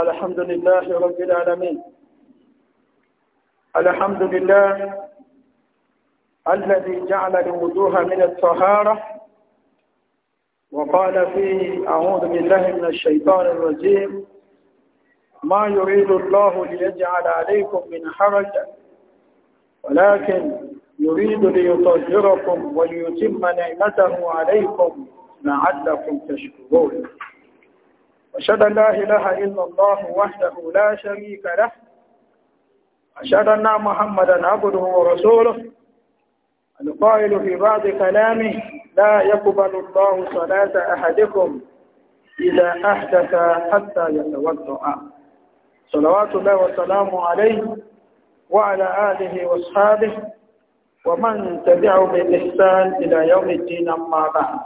الحمد لله رب العالمين الحمد لله الذي جعل الوجوه من الطهارة وقال فيه أعوذ بالله من الشيطان الرجيم ما يريد الله ليجعل عليكم من حرج ولكن يريد ليطهركم وليتم نعمته عليكم لعلكم تشكرون أشهد أن لا إله إلا الله وحده لا شريك له أشهد أن محمدا عبده ورسوله القائل في بعض كلامه لا يقبل الله صلاة أحدكم إذا أحدث حتى يتوضأ صلوات الله وسلامه عليه وعلى آله وأصحابه ومن تبعه بالإحسان إلى يوم الدين أما بعد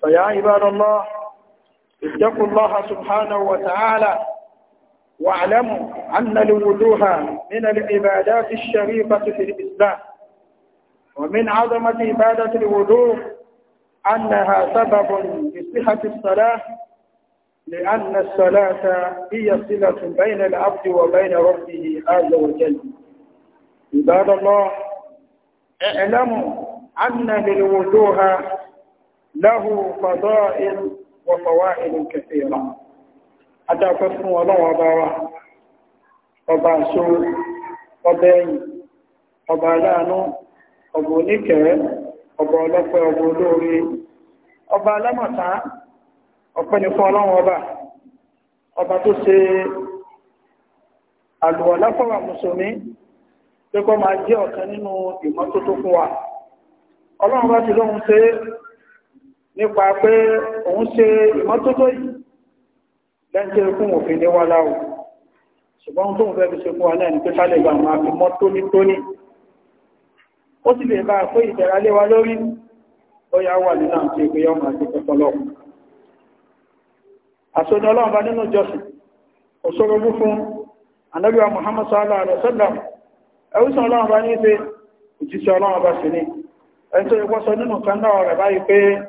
فيا عباد الله اتقوا الله سبحانه وتعالى واعلموا أن الوجوه من العبادات الشريفة في الإسلام ومن عظمة عبادة الوجوه أنها سبب لصحة الصلاة لأن الصلاة هي صلة بين العبد وبين ربه عز وجل عباد الله اعلموا أن للوجوه له فضائل وفوائد كثيرة أدى فسن ولو أباوا وباسو وبين وبالانو وبونيكه وبالوفة وبولوري وبالمتا ọ̀pẹ́ni fún ọlọ́run ọba ọba tó ṣe àlùwọ̀lá fọ́wà mùsùlùmí pé kọ́ máa jẹ́ ọ̀kan nínú ìmọ́tótó fún wa ọlọ́run bá ti lóhun ṣe nípa pé òun ṣe ìmọ́tótó yìí lẹ́ńtẹ́ fún òfin ní wá láwù ṣùgbọ́n tó ń fẹ́ fi ṣe fún wa náà ní pé ká lè bá máa fi mọ́ tónítóní ó sì lè bá pé ìtẹ̀ra lé wa lórí ó yá wà nínú àti ìpé yọ́ máa ti pẹ̀pọ̀ Muhammad sallallahu alaihi wasallam ẹwùsàn ọlọ́run bá ní ṣe òjíṣẹ́ ọlọ́run bá sí ní ẹni tó yẹ kó sọ nínú kan náà rẹ̀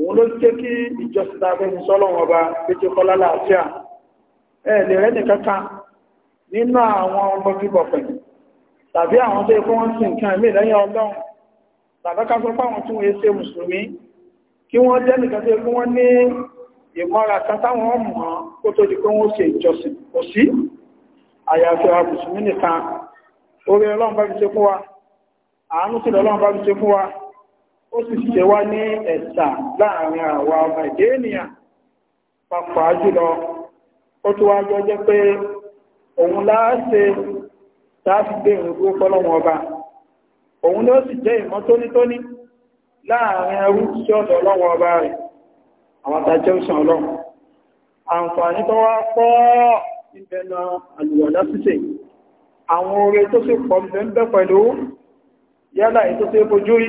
òun ló jẹ́ kí ìjọsìn tàbí ní sọ́lọ́wọ́n ọba péjọ kọ́lá láàáfíà ẹ̀ lè rẹ́ nìkankan nínú àwọn ọmọ bíbọ̀ pẹ̀lú tàbí àwọn tó ikú wọ́n sì nǹkan ìmì lẹ́yìn ọlọ́run tàbí ká sọ fáwọn tí wọ́n ṣe mùsùlùmí kí wọ́n jẹ́ nìkan tó ikú wọ́n ní ìmọ́ra kan táwọn ọmọ kó tó di pé wọ́n ṣe ìjọsìn kò sí àyàfi àwọn mùsùlùmí nìkan orí ọlọ́run bá fi ṣe fún wa àánú sí ọlọ́run bá fi ṣe fún wa ó sì ṣe wá ní ẹ̀sà láàrin àwa ọmọ èdè ènìyàn pàápàá jùlọ ó tó wájọ́ jẹ́ pé òun láàáṣe láti gbé ìrúgbó fọ́lọ́wọ́n ọba òun ló sì jẹ́ ìmọ́ tónítóní láàrin ẹrú sí ọ̀dọ̀ ọlọ́wọ́n ọba rẹ̀ àwọn tàjẹ́ òsàn ọlọ́run yálà ètò tó fojú rí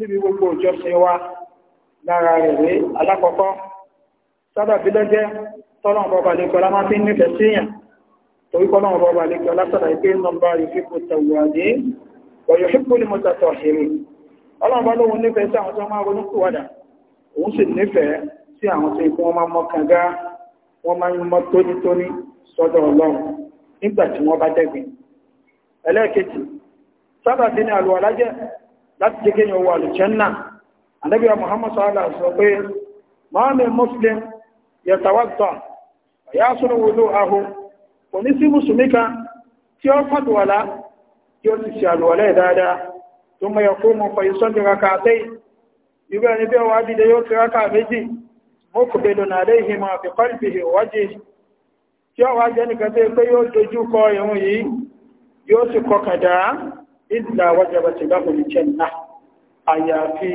níbi gbogbo ìjọsìn wa lára rẹ̀ rí alákọ̀ọ́kọ́ sábàbí lọ́jẹ́ tọ́lọ́run bọ́ba lè kọ́lá máa fi ń nífẹ̀ẹ́ síyàn torí kọ́lọ́run bọ́ba lè kọ́lá sọ̀rọ̀ ìpé nọmba ìfipò tẹ̀wàdé wọ̀yọ̀ fipò ní mọ́tàtọ̀ ṣeré ọlọ́run bá lóhun nífẹ̀ẹ́ sí àwọn tó máa ronú kúwàdà òun sì nífẹ̀ẹ́ sí àwọn tó ikú wọn máa mọ́ kànga wọn máa ń mọ́ tónítóní sọ́dọ̀ ọlọ́run nígbà tí wọ́n bá dẹ́gbìn ẹlẹ́ẹ̀kejì sábàbí ni àlùwàlájẹ́ láti jẹ́ kéyàn wà lè jẹ́nà anábíyà muhammad sọ́lá sọ pé mọ́mí muslim yẹ tawàtọ̀ ya sọ́nà wòlò ahù kò ní sí musulmi kan tí ó fàdùwàlá tí ó ti ṣe àlùwàlẹ̀ dáadáa tó mọ̀ yẹ kó mọ̀ fàyí sọ́dún raka àtẹ́yì irú ẹni bí ọwà dìde yóò ti raka méjì mọ́ kò bèèrè nà lè hì mọ̀ àfi kọ́lì fi wájì tí ọwà jẹ́ nìkan tó yóò dojú kọ ìrun yìí yóò sì kọkàn ìdá wájába ti bá kò ní jẹ́ náà àyàfi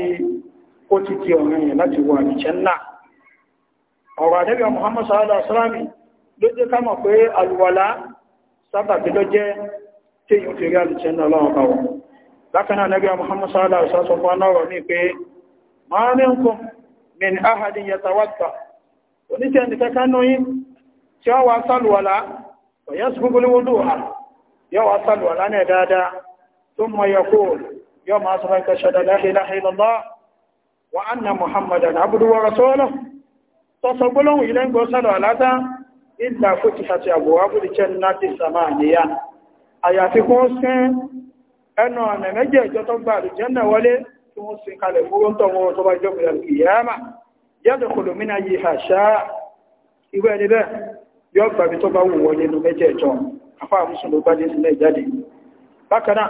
ó ti di ọ̀rọ̀ yẹn láti wọ àlìjẹ́ náà ọ̀rọ̀ àdẹ́bíọ̀ Muhammad sallallahu alaihi wasallam ló jẹ́ ká mọ̀ pé alùwàlá sábàbí ló jẹ́ tí yíò fi rí àlìjẹ́ náà lọ́wọ́ báwọn lákanáà nẹ́bíọ̀ Muhammad sallallahu alaihi wasallam fún ọ̀rọ̀ ní pé dáadáa ثم يقول يوم أصبحت أشهد لا إله إلا الله وأن محمدا عبده ورسوله تصبلوا إلى أن قصروا على إلا فتحت أبواب الجنة الثمانية àyàfi kí wọ́n sín ẹnu ọ̀nà méjì ẹjọ́ tó gba àlùjànnà wọlé tí wọ́n sín kalẹ̀ fúró ń tọ̀wọ́ tó bá jọ́mù ìyàmà yàtọ̀ kòlòmínà yìí àṣà ìwé ẹni bẹ́ẹ̀ yọ́ gbàbí tó bá wù wọlé nínú méjì ẹjọ́ afá àmúsùn ló gbádé sílẹ̀ jáde bákanáà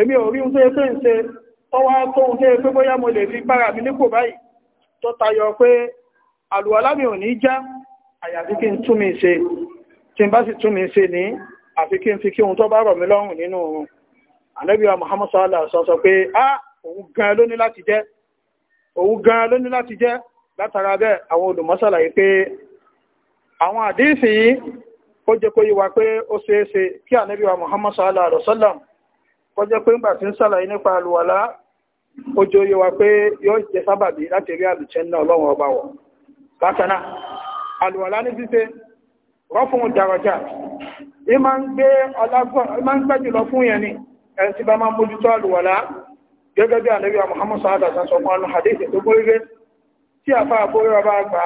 èmi ò rí ń tó yẹ pé ń ṣe ọwá tó ń tó yẹ pé bóyá mo lè fi gbára mi nípò báyìí tó tayọ pé àlùwàlá mi ò ní já àyàfi kí n tún mi ṣe tí n bá sì tún mi ṣe ní àfi kí n fi kí ohun tó bá rọ̀ mí lọ́rùn nínú a òun gan ló ní láti jẹ́ òun gan ló ní láti àwọn olùmọ́sàlàyé yìí ó jẹ́ kó yí pé ó ṣeéṣe kí ànábì wa Muhammad sallallahu kọjẹ́ pé ńgbà tí ń sàlàyé nípa àlùwàlá ó jẹ́ oyé wa pé yóò jẹ́ sábàbí láti rí àlùjẹ́ náà ọlọ́run ọba wọ̀ bákan náà àlùwàlá ní ṣíṣe rọ́fún dàrọ̀jà ì máa ń gbé jùlọ fún yẹn ni ẹni tí bá máa mójútó àlùwàlá gẹ́gẹ́ bí ànábì Muhammad sa'adà sọ fún ọlọ́run hadith tó gbórígbé tí àfa àbórí ọba gbà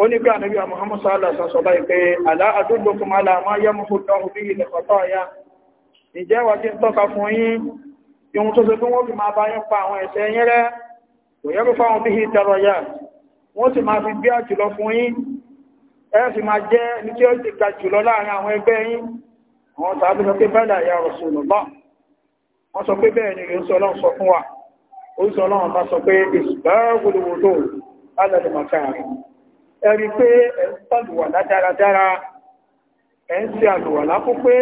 ó ní bí ànábì Muhammad sa'adà sọ báyìí pé àlá àdúgbò kùmálà máa yẹ mú fún ọhún bí ilẹ̀ kọ̀tọ̀ ya ìjẹ́ wà tí ń tọ́ka fún yín ihun tó gbogbo wọ́n fi máa bá yín pa àwọn ẹ̀ṣẹ̀ yín rẹ́ kò yẹ́rù fáwọn bí i tẹrọ yà wọ́n sì máa fi gbé àjùlọ fún yín ẹ sì máa jẹ́ ní tí ó ti ga jùlọ láàrin àwọn ẹgbẹ́ yín àwọn tàbí sọ pé bẹ́ẹ̀ ya Rasulullah wọ́n sọ pé bẹ́ẹ̀ ni ìrìnsọ ọlọ́run sọ fún wa oríṣi ọlọ́run bá sọ pé ìsìbáwòlòwòlò alẹ́lẹ́mọ̀kàrin ẹ̀rí pé ẹ̀ ń tàlùwà dáradára ẹ̀ ń ṣe àlùwà lápò pé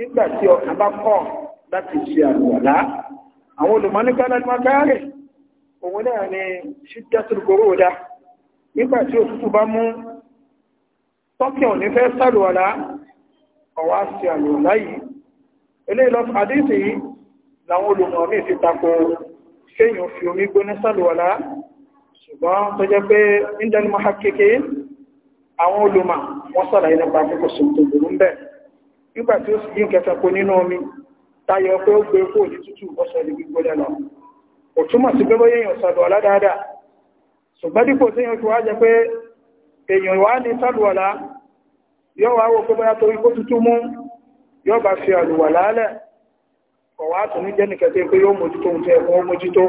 nígbà tí ọkàn bá kọ̀ láti ṣe àlùwàlá àwọn olùmọ́nípa láti máa káàrè òun náà ni ṣídẹ́sùlùkòrò dá nígbà tí òtútù bá mú tọ́kì òní fẹ́ sàlùwàlá ọ̀wá sí àlùwàlá yìí eléyìí lọ àdíṣì yìí làwọn olùmọ̀ mi fi tako kéèyàn fi omi gbóná sàlùwàlá ṣùgbọ́n tó jẹ́ pé ìdánimọ̀ kékeré àwọn olùmọ̀ wọ́n sàlàyé nípa kókò sùn nígbà tí ó sì bí nkẹta kò nínú omi tayọ pé ó gbé kó ní tútù ọ̀sọ̀ lè gbígbó lẹ́nà kò túmọ̀ sí pé bóyá èèyàn sàdọ̀ aládáadáa ṣùgbọ́n dípò tí èèyàn fi wá jẹ pé èèyàn wá ní sàdùwàlá yóò wá wò pé bóyá torí kó tútù mú yóò bá fi àlùwà lálẹ̀ ọ̀wá àtún ní jẹ́nìkẹ́ pé pé yóò mójútó ohun tí ẹ̀kún mójútó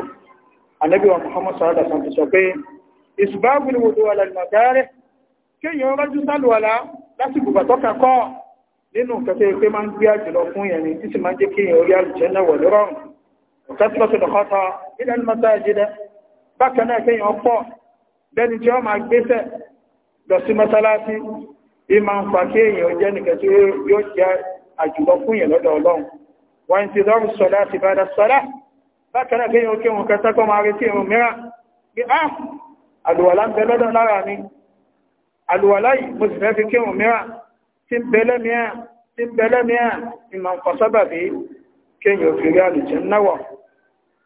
ànábì wa Muhammad sàádà sàn ti sọ pé ìsùbáàbù ni wòdó wà lálùmọ̀ dáárẹ̀ kéèyàn rájú sàdùwàlá lásìkò bàtọ́kà kọ́ nínú nǹkan tó yẹ pé máa ń gbé àjùlọ fún yẹn ni títí máa ń jẹ́ kí èèyàn orí àlùjẹ́ náà wọ̀ lórọ̀rùn ọ̀tá tí lọ́sọ̀dọ̀ kọ́ta ilẹ̀ ní mọ́tà ìjẹ́dẹ́ bákan náà kéèyàn pọ̀ lẹ́ni tí wọ́n máa gbéṣẹ̀ lọ sí mọ́sálásí bí máa ń fa kí èèyàn jẹ́ nìkan tí yóò jẹ́ àjùlọ fún yẹn lọ́dọ̀ ọlọ́run wọ́n ti lọ́rù sọ̀dá ti bàdà sọ̀dá bákan náà kéèyàn kí wọn kẹta kọ́ máa retí ìrùn mìíràn bí á ah, àlùwàlá ń bẹ lọ́dọ̀ lára mi àlùwàlá yìí mo sì fẹ́ fi kí ìrùn mìíràn tí ń bẹ̀lẹ́mìíà tí ń bẹ̀lẹ́mìíà ìmọ̀ nǹkan sábàbí kéèyàn ò fi rí àlùjẹ́ náwọ̀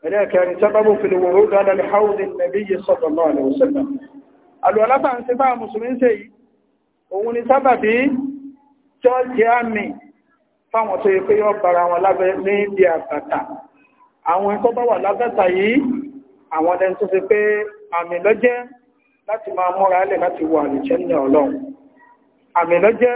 ẹlẹ́ẹ̀kẹrin sábàbù fi lè wòrò dáadáa lè haúdì nàbí yìí sọ̀tọ̀ náà lè wòsànà alùwàlápà ń ṣe bá mùsùlùmí ṣe yìí òun ni sábàbí tí ó jẹ́ àmì fáwọn tó yẹ pé yọ àmì lọ́jẹ́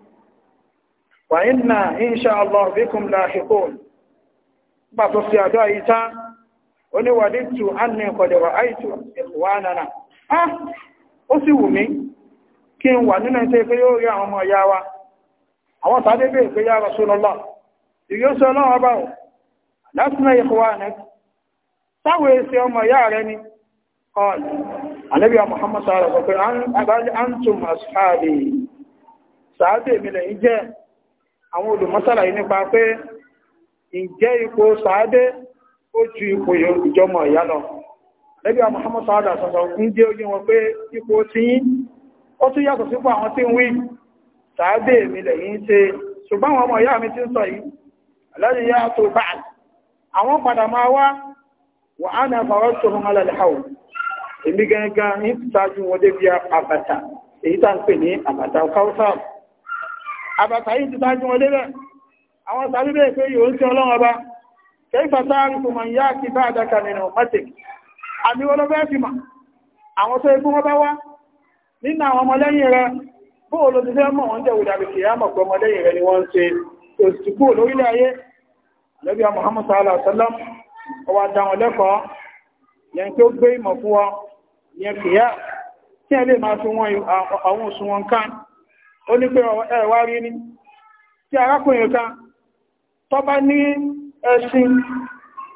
wàyínà inṣà allah bikum lahiqun pàtó sí àjọ àyíká oníwàdìtù annì kọ̀dẹ̀wà àìtù ìwánana ah ó sì wù mí kí n wà nínú ẹ̀ṣẹ́ pé yóò rí àwọn ọmọ ìyá wa àwọn tàbí bí ìpé yá Rasulullah ìyó sọ lọ́wọ́ bá ò lásìnà ikhwana táwọn èsì ọmọ ìyá rẹ ni kọlù alẹ́bí Muhammad sọ àwọn olùmọ́sàlà yìí nípa pé ǹjẹ́ ipò sàádé ó ju ipò ìjọmọ̀ ìyá lọ lẹ́bí àwọn Muhammad sàádà sọ̀sọ̀ ń jẹ́ ojú wọn pé ipò tí ó tún yàtọ̀ sípò àwọn tí ń wí sàádé mi lẹ́yìn ṣe ṣùgbọ́n àwọn ọmọ ìyá mi ti ń sọ yìí lẹ́yìn yá tó bá àwọn padà máa wá wà á na fàwọ́ tó hàn alẹ́lẹ́hàwò èmi gangan ní ṣáájú wọn débi àbàtà èyí tá ń pè ní àbàtà káwọ́sáàbù àbàtà yìí ti tájú wọn lébẹ̀ àwọn sàbí bẹ́ẹ̀ pé yóò ń tí ọlọ́run ọba kẹfà sáàrì kò mọ̀ ìyá àti bá àdáka nínú matic àmì wọn lọ́fẹ́ àwọn tó ikú wọn bá wá nínú àwọn ọmọlẹ́yìn rẹ bóò ló ni wọ́n ń ṣe tó sì kúrò lórílẹ̀ ayé lẹ́bí Muhammad sallallahu alaihi wasallam ọwọ́ dá wọn lẹ́kọ̀ọ́ yẹn tó gbé ìmọ̀ fún wọn yẹn kìyà tí ẹ lè ó ní pé ẹ̀wà rí ní tí arákùnrin kan tó bá ní ẹṣin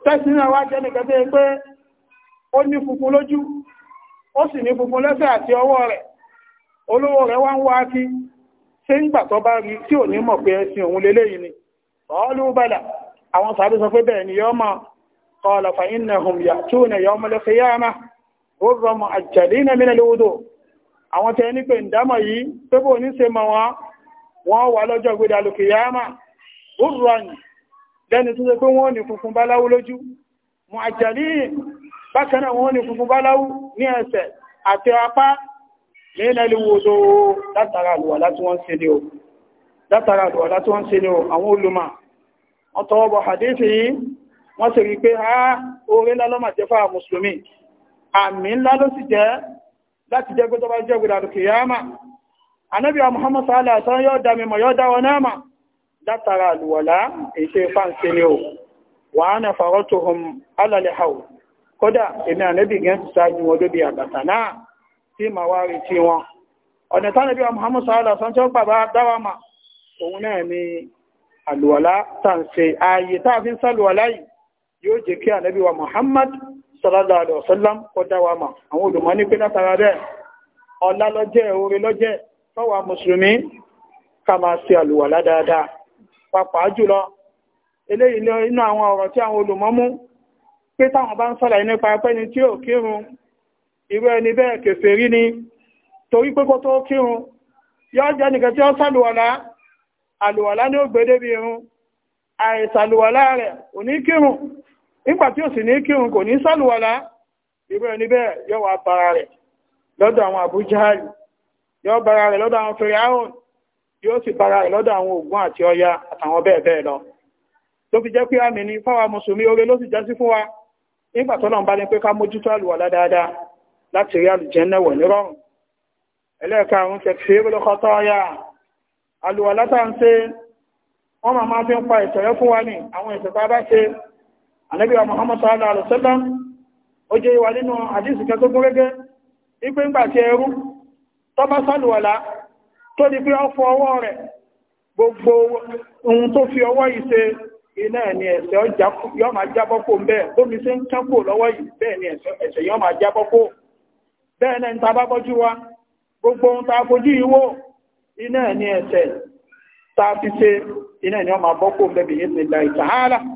tẹ́sí náà wá jẹ́ nìkan tẹ́ pé ó ní funfun lójú ó sì ní funfun lẹ́sẹ̀ àti ọwọ́ rẹ̀ olówó rẹ̀ wá ń wá kí ṣe ń gbà tó bá rí tí ò ní mọ̀ pé ẹṣin òun leléyìí ni ọlú bàlà àwọn sàbí sọ pé bẹ́ẹ̀ ni yọ́ mọ̀ qala fa innahum ya'tuna yawmal qiyamah rọ́mọ àwọn tẹ́ ní pé ìdámọ̀ yìí tó bò ní ṣe mọ̀ wọn wọ́n wà lọ́jọ́ gbéda lókè yáàmà òrùrànì lẹ́ni tó ṣe pé wọ́n ní funfun báláwú lójú mọ̀ àjàlí bákanáà wọ́n ní funfun báláwú ní ẹsẹ̀ àti apá nílẹ̀ ìwòdó látara àlùwàlá tí wọ́n ṣe ní o àwọn olùmọ̀ wọ́n tọwọ́ bọ̀ hadithi yìí wọ́n sì rí pé ha orí ńlá lọ́mà jẹ́ fáà mùsùlùmí àmì ńlá láti jẹ́ pé tó bá jẹ́ gbìdà lókè yáàmà anábì wa Muhammad sallallahu alaihi wasallam yóò dá mímọ̀ yóò dá wọn náà mà látara àlùwọ̀lá èṣe fáǹsì ni o wà á na fàrọ́ tó hùm alàlẹ́ hàù kódà èmi anábì gẹ́ ti sáájú wọn lóbi àgbàtà náà tí mà wá retí wọn ọ̀nà tánàbí wa Muhammad sallallahu alaihi wasallam tí ó pàbá dáwà mà òun náà ni àlùwọ̀lá tàǹsì ààyè táàfin sálùwọ̀lá yìí yóò jẹ́ kí anábì wa Muhammad sallallahu alaihi wasallam kọjá àwọn olùmọ́ ní pé látara rẹ̀, ọlá lọ́jẹ́ oore lọ́jẹ́ fáwa mùsùlùmí ká máa ṣe àlùwàlá dáadáa pàápàá jùlọ eléyìí lọ inú àwọn ọ̀rọ̀ tí àwọn olùmọ́ mú pé táwọn bá ń kírun irú bẹ́ẹ̀ ni torí pé kírun jẹ́ nìkan tí ó sàlùwàlá àlùwàlá ní nígbà tí ó sì ní kírun kò ní sálùwàlá ìwé ẹni bẹ́ẹ̀ yọ wà bara rẹ̀ lọ́dọ̀ àwọn àbújáàlì yọ bara rẹ̀ lọ́dọ̀ àwọn fèrè yóò sì bara rẹ̀ lọ́dọ̀ àwọn ògùn àti ọya àtàwọn bẹ́ẹ̀ bẹ́ẹ̀ lọ wa nígbà tọ́lọ́run bá ní pé ká mójútó àlùwàlá dáadáa láti rí àlùjànnà wọ̀ nírọ̀rùn ẹlẹ́ẹ̀karùn-ún tẹ̀síwé lọ́kọ́tọ́ ọ̀yà àlùwàlá tá ń ṣe wọ́n máa máa fi ń pa ìṣẹ̀rẹ́ fún wa ní àwọn ìṣẹ̀pá bá ṣe ànábì Muhammadu Muhammad sallallahu alaihi wasallam ó jẹ́ ìwà nínú àdísì kẹtọ́gbọ́n gẹ́gẹ́ ipé ń gbà ti ẹrú tọ́bá sálùwàlá tó di pé fọ ọwọ́ rẹ̀ gbogbo ohun tó fi ọwọ́ yìí iná ẹni ẹ̀ṣẹ̀ máa jábọ́ kó bẹ́ẹ̀ ń lọ́wọ́ yìí bẹ́ẹ̀ ni máa jábọ́ kó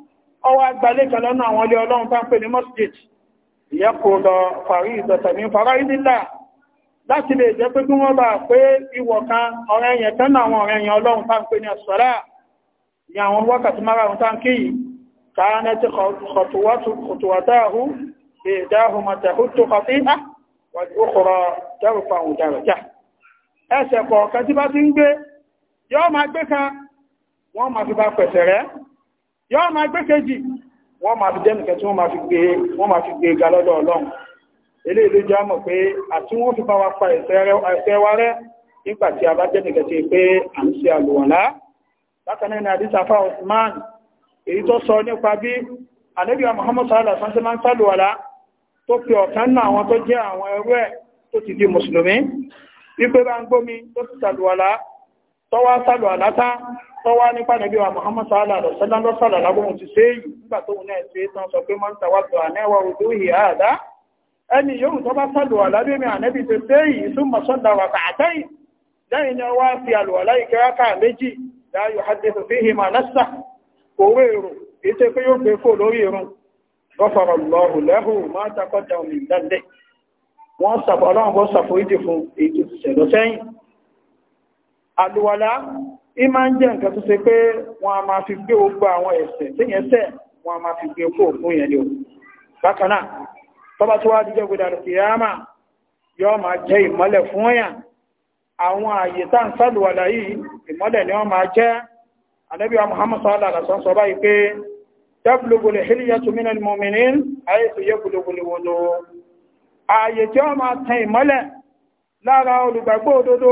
ọwọ́ agbalẹ̀ kan lọ́nà àwọn ilé ọlọ́run tá ń pè ní masjid ìyẹ́kùn lọ fàrí ìdọ̀tẹ̀mí fara ìdílà láti lè jẹ́ pé kí wọ́n bá pé ìwọ̀ kan ọ̀rẹ́ ẹ̀yẹn tán àwọn ọ̀rẹ́ ẹ̀yẹn ọlọ́run tá ń pè ní àṣọ́lá ní àwọn wákàtí márùn-ún tá ń kí yọ́ ma gbé kejì wọ́n ma fi jẹ́nìkẹ́ tí wọ́n ma fi gbé wọ́n ma fi gbé ga lọ́dọ̀ ọlọ́run ilé ìlú jẹ́ mọ̀ pé àti wọ́n fi pàwà pa ẹ̀fẹ́ wa rẹ́ nígbà tí a bá jẹ́nìkẹ́ ti pé à ń ṣe àlùwọ̀lá bákan náà àdísà fa Osman èyí tó sọ nípa bí ànábì Muhammad sallallahu alaihi wasallam sálùwàlá tó fi ọ̀kan náà àwọn tó jẹ́ àwọn ẹrú ẹ̀ tó ti di mùsùlùmí wípé bá ń gbómi tó ti sàlùwàlá tọ́wá sálò àlátá tọ́wá nípa nàbí wa Muhammad sallallahu alaihi wasallam lọ́sàlà lágbóhun ti ṣe yìí nígbà tó wùn náà ṣe tán sọ pé máa ń tàwátò ànẹ́wà ojú ìhì àádá ẹni yóò tọ́ bá sálò àlábẹ́mí ànẹ́bí ti ṣe yìí sún mọ̀sọ́dà wà kàtẹ́yìn lẹ́yìn ni wá fi àlùwàlá ìkẹ́ráká méjì láàyò hadithu fi hìmà násà òwe tó ti àlùwàlá ìmá ń jẹ́ nǹkan tó ṣe pé wọ́n a máa fi gbé gbogbo àwọn ẹ̀ṣẹ̀ tí yẹn ṣẹ̀ wọ́n a máa fi gbé kó fún yẹn ni o bákan náà tó wá díjọ́ gbé dàrú kì yáàmà yóò máa jẹ́ ìmọ́lẹ̀ fún yàn àwọn àyè tá ń sàlùwàlá yìí ìmọ́lẹ̀ ni wọ́n máa jẹ́ ànábì wa Muhammad sallallahu alaihi wasallam sọ báyìí pé tábìlógó lè hílíyà tó mínà ní mọ̀mìnì ayé tó yẹ gbogbo lè wọ́n lò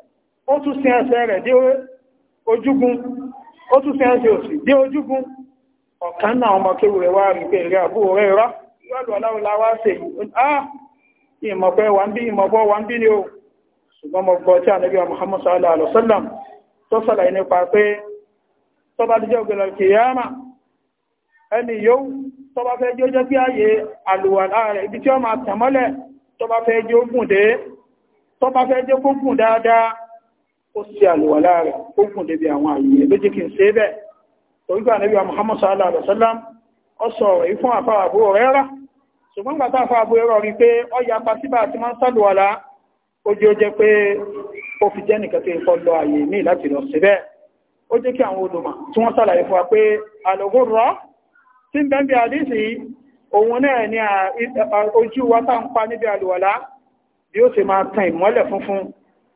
ó tún sí ẹsẹ̀ rẹ̀ dé ojúgun ó tún sí ẹsẹ̀ òsì dé ojúgun ọ̀kan náà ọmọ kéwù rẹ̀ wá rí pé rẹ̀ àbúrò rẹ̀ rọ́ yọ́lù ọláwọ́lá wá sí ìmọ̀pẹ́ wà ń bí ìmọ̀pọ̀ wà ń bí ni ó ṣùgbọ́n mọ̀ gbọ́ tí a nẹ́bí Muhammad sallallahu alaihi wasallam tó sàlàyé nípa pé tó bá díjẹ́ ògbèlọ̀ kìyàmà ẹni yóò tó bá fẹ́ jẹ́ jẹ́ bí ààyè àlùwàlá rẹ̀ ibi tí ó máa dáadáa ó sí àlùwàlá rẹ̀ ó kùn débi àwọn àyè ló jẹ́ kí n ṣe bẹ́ẹ̀ torígbà níbi wa Muhammad sallallahu alaihi wasallam ó sọ ọ̀rọ̀ yìí fún àfáà àbúrò rẹ̀ rà ṣùgbọ́n gbàtà àfáà àbúrò rẹ̀ rí pé ó ya pa síbà tí wọ́n sàlùwàlá ó jẹ́ ó jẹ́ pé ó fi jẹ́ nìkan tó kọ́ lọ àyè míì láti lọ sí bẹ́ẹ̀ ó jẹ́ kí àwọn olùmọ̀ tí wọ́n sàlàyé fún wa pé àlògórọ̀ tí ń bẹ́ẹ̀ bí àdísì òun náà ni ojú wa tá ń pa níbi àlùwàlá bí ó sì máa tan ìmọ́lẹ̀ funfun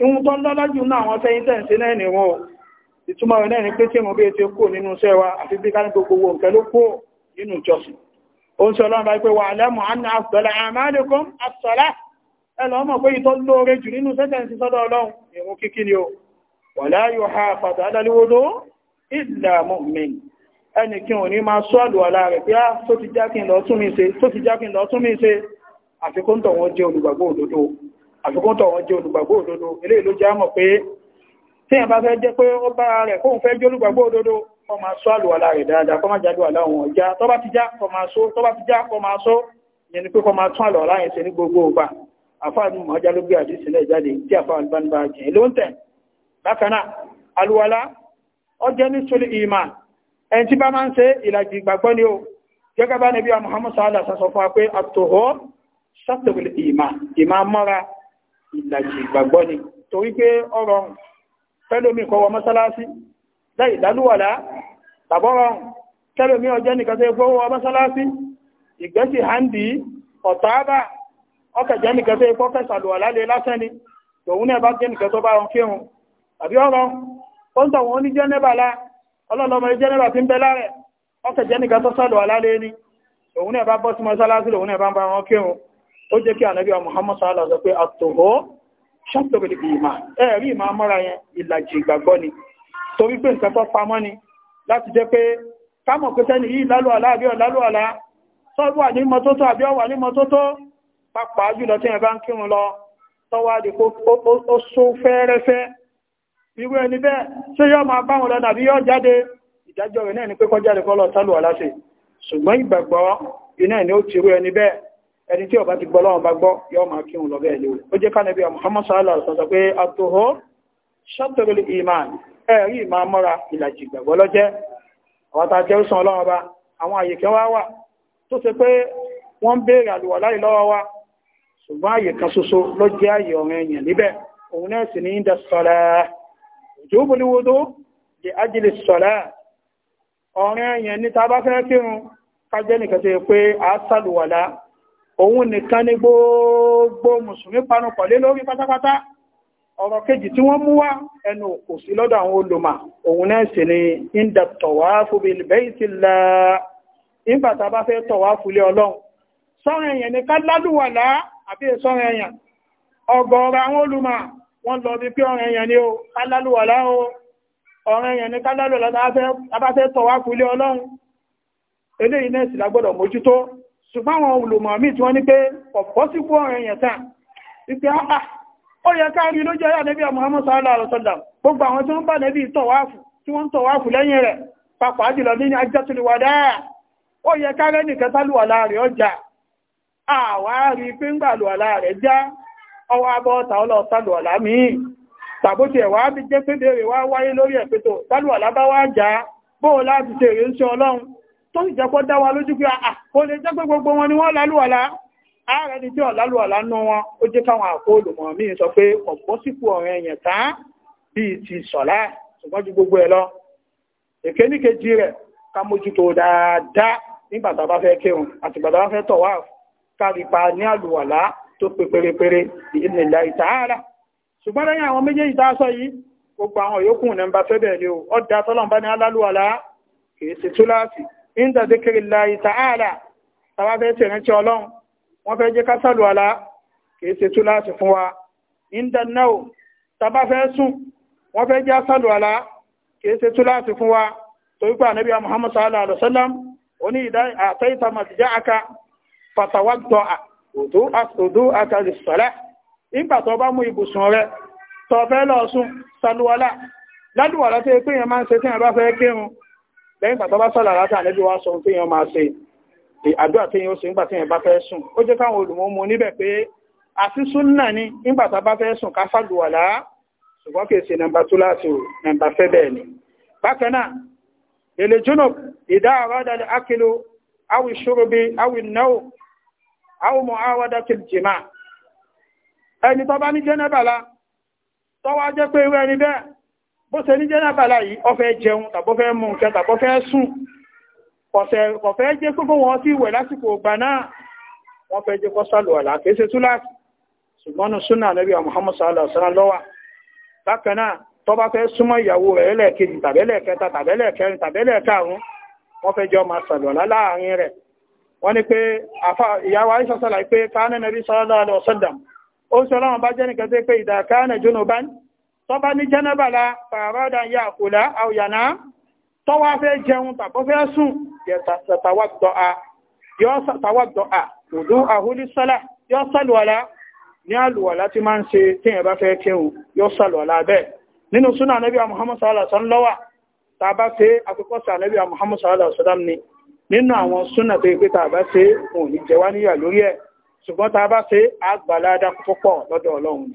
ihun tó ń lọ́lá jù náà àwọn sẹ́yìn tẹ́ǹsí náà ni wọn ìtumọ̀ rẹ̀ náà ni pé tí mo bí ti kú nínú iṣẹ́ wa àti bí káni gbogbo nǹkan ló kú nínú ìjọsìn ó ń sọ lọ́nà pé wà lẹ́mù anna afdala amalikum as-salah ẹ lọ mọ̀ pé ìtọ́ lóore jù nínú sẹ́tẹ̀ǹsì sọ́dọ̀ ọlọ́run ìrun kíkí ni o wà láyò ha fàtà adaliwodo illa mu'min ẹnì kí òní máa sọ àlùwàlá rẹ̀ pé ah, tó ti jákin lọ tún mi ṣe àfikún tọ̀wọ́n jẹ́ olùgbàgbọ́ òdodo àfikúntọ̀ wọn jẹ́ olùgbàgbọ́ òdodo eléyìí ló já mọ̀ pé tí ẹ̀ bá fẹ́ jẹ́ pé ó bá rẹ̀ kóhun fẹ́ jẹ́ olùgbàgbọ́ òdodo kó máa sọ àlùwàlá rẹ̀ dáadáa kó máa jáde wà láwọn ọjà tó bá ti já kó máa sọ tó bá ti já kó máa sọ ìyẹn ni pé kó máa tún àlùwàlá yẹn ṣe ní gbogbo ìgbà àfáà ní mọ̀ọ́já ló gbé àdìsí lẹ̀ gẹ́gẹ́ bá nẹbí wa Muhammad sọ fún wa pé àtòhó sátòwìlì ìmà ìmà mọ́ra ìlàjì ìgbàgbọ́ ni torí pé ọrọ̀ fẹ́lómi kọwọ mọ́sálásí láì ìdálúwàlá tàbọ́rọ̀ kẹlómi ọjọ́ nìkan tó gbówó mọ́sálásí ìgbẹ́sì hàndì ọ̀tàábà ọkẹ̀jẹ́ nìkan tó ikọ́ fẹ́sàlùwàlá lè lásán ni tòun náà bá jẹ́ nìkan tó bá wọn kírun àbí ọrọ̀ ó ń tọ̀wọ́n ní jẹ́nẹ́bà lá ọlọ́lọ́mọ jẹ́nẹ́bà ti ń bẹ láàrẹ̀ ọkẹ̀jẹ́ nìkan tó sàlùwàlá lè ní òun náà bá bọ́ sí mọ́sálásí lòun náà bá ń bá wọn kírun tó jẹ́ kí ànábí wa Muhammad sallá sọ pé àtòhó ṣàtòrò ìmá ẹ̀rí ìmá mọ́ra yẹn ìlàjì ìgbàgbọ́ ni torí pé nǹkan tó pamọ́ ni láti jẹ́ pé kámọ̀ pé sẹ́ni yìí lálù àlá àbí ọ̀lálù àlá tó wà ní mọ́tótó àbí ọ̀wà ní mọ́tótó pàápàá jùlọ tí yẹn bá ń kírun lọ tó wá di ó só fẹ́ẹ́rẹ́fẹ́ irú ẹni bẹ́ẹ̀ ṣé yọ́ ìgbàgbọ́ iná ni ó ti rú ẹni bẹ́ẹ̀ ẹni tí ó bá ti gbọ́ ma bá gbọ́ yọ máa kí òun lọ́bẹ̀ ẹ̀lẹ́ ó jẹ́ kánẹ́bí Muhammad sallallahu alaihi wasallam pé àtòhó ṣàtòrò iman ẹ̀rí máa mọ́ra ìlàjì ìgbàgbọ́ lọ́jẹ́ àwọn tá a ọba àwọn àyè kan wá wà tó ṣe pé wọ́n ọ̀rẹ́ èèyàn ní ń dẹ sọ̀rọ̀ ìjọba nìkan tó yẹ pé a sàlùwàlá òun nìkan ni gbogbo mùsùlùmí panupọ̀ lé lórí pátápátá ọ̀rọ̀ kejì tí wọ́n mú wá ẹnu òkò sí lọ́dọ̀ àwọn olùmọ̀ òun náà sì ni inda tọ̀wáfù bil baytillah nígbà tá a bá fẹ́ tọ̀wáfù lé ọlọ́run sọ́rọ̀ èèyàn ní ká lálùwàlá àbí sọ́rọ̀ èèyàn o ọ̀rọ̀ èèyàn ní ká lálùwàlá tá a bá fẹ́ tọ̀wáfù lé náà sì la mójútó ṣùgbọ́n àwọn olùmọ̀mí tí wọ́n ní pé ọ̀pọ̀ sí fún ọ̀rẹ́ yẹn tán ìpé àpá ah, ah, ó yẹ káàrí ló jẹ́ ànẹ́bí Muhammad sallallahu alaihi wasallam gbogbo àwọn tí wọ́n bá nẹ́bí tọ̀wáàfù tí wọ́n tọ̀wáàfù lẹ́yìn rẹ̀ pàápàá jùlọ ní Hajjatul Wada ó yẹ káàrẹ́ nìkan tálùwà láàrẹ̀ ọjà àwárí pé ń gbàlùwà láàrẹ̀ já ọwọ́ abọ́ tàọ́lọ̀ tálùwà lámìí tàbótì ẹ̀wà bí jẹ́ pé bèèrè wá wáyé lórí ẹ̀pẹ̀tò tálùwà lábá wá já bóò láti ṣe èrè ń ṣe Ọlọ́run tó sì jẹ́kọ́ dá wa lójú pé àkó lè jẹ́ pé gbogbo wọn ni wọ́n lálùwàlá ààrẹ ni tí ọ̀ lálùwàlá nú wọn ó jẹ́ káwọn àkóòlù mọ̀ mí sọ pé ọ̀pọ̀ sípò ọ̀rẹ́ ẹ̀yẹ̀ tán bíi ti sọ̀lá ṣùgbọ́n ju gbogbo ẹ̀ lọ èké ní kejì rẹ̀ ká mójútó dáadáa nígbà tá a bá fẹ́ kírun àti gbàtà bá fẹ́ tọ̀ wá kárí pa ní àlùwàlá tó pé pérépéré ìdílé ìlà ṣùgbọ́n lẹ́yìn àwọn méjèèjì tá a sọ yìí gbogbo àwọn yòókù ní ń bá fẹ́ bẹ̀rẹ̀ o ọ̀dà tọ́lọ́mbá ní alálùwàlá kì ṣe túláàsì inda zikiri láyé ta'ala tàbá fẹ́ ṣe rántí ọlọ́run wọ́n fẹ́ jẹ́ ká sàlùwàlá kìí ṣe tú láti fún wa inda náà tàbá fẹ́ sùn wọ́n fẹ́ jẹ́ sàlùwàlá kìí ṣe tú láti fún wa torí pé ànábì muhammad sallallahu alaihi wa sallam oní ìdá àtẹ́ta màtìjá aka fatawadọ òdó àtàlì sọ́lá nígbà tó bá mú ibùsùn rẹ tó fẹ́ lọ sùn sàlùwàlá lálùwàlá tó yẹ pé èèyàn máa ń ṣe tí èèyàn bá fẹ́ kírun lẹ́yìn bàbá bá sọ̀rọ̀ àrátà níbi wá sọ pé ni nígbà tá bá fẹ́ sùn ká ṣàlùwàlá ṣùgbọ́n kì í ṣe nàmbà tó láti ò nàmbà fẹ́ bẹ́ẹ̀ ni bákan náà èlè jónà ìdá àwádà akílò awi ṣúrúbi awi náwó awi mọ̀ àwádà kìlì jìmá ẹni tó ní jẹ́nẹ́bàlá tọ́wọ́ jẹ́ pé irú ẹni bẹ́ẹ̀ ó ṣe ní jẹ́nàbàlá yìí ó fẹ́ jẹun tàbó fẹ́ mú nǹkan tàbó fẹ́ sùn kò fẹ́ jẹ́ pé fún wọn sí ìwẹ̀ lásìkò ọgbà náà wọ́n fẹ́ jẹ́ kó sàlùwàlá kéèsè túláàsì ṣùgbọ́n nù súnà Ànábì Muhammad sallallahu alaihi wasallam lọ́wà bákan náà tó bá fẹ́ súnmọ́ ìyàwó rẹ̀ ẹlẹ́ẹ̀kejì tàbẹ́lẹ́ẹ̀kẹta tàbẹ́lẹ́ẹ̀kẹrin tàbẹ́lẹ́ẹ̀karùn wọ́n fẹ́ jọ máa sàlùwàlá láàrin rẹ̀ wọ́n ní pé ìyàwó àìsàn sàlàyé pé káánà Ànábì sallallahu alaihi wasallam ó sọ láwọn bá jẹ́ nìkan tó pé ìdà káánà jónúbán tọ́ba ní jẹ́nàbàlá fàràdà ya àkùlá àwòyàná tọ́wá fẹ́ jẹun tàbọ́ fẹ́ sùn yọ́sàtàwàdọ́à lòdó àhúlísọ́lá yọ́sàlùwàlá ní àlùwàlá tí máa ń ṣe tí ẹ̀bá fẹ́ kéhùn yọ́sàlùwàlá bẹ́ẹ̀ nínú súnà anábíà muhammad sallallahu alaihi wasallam lọ́wà tàbá ṣe àfikọ́sà anábíà muhammad sallallahu alaihi wasallam ni nínú àwọn súnà tó yẹ pé tàbá ní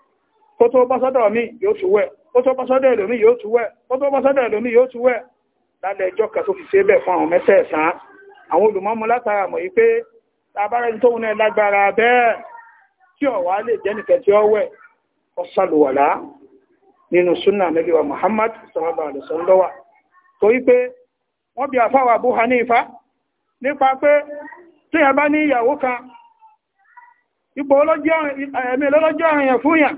foto tó bọ́ sọ́dọ̀ mi yóò tún wẹ̀ kó tó bọ́ sọ́dọ̀ yóò tún wẹ̀ yóò tún wẹ̀ fi ṣe fún àwọn mẹ́tẹ̀ẹ̀sán àwọn olùmọ́mú látara mọ̀ yìí pé tábára ẹni tóun náà lágbára bẹ́ẹ̀ tí ọ̀wá lè jẹ́ nìkan tí wẹ̀ ọ sàlùwàlá nínú súnà mẹ́lẹ́wà Muhammad sallallahu alaihi wasallam lọ́wà pé wọ́n bí nípa pé tí a bá ní ìyàwó kan ipò ẹ̀mí fún yàn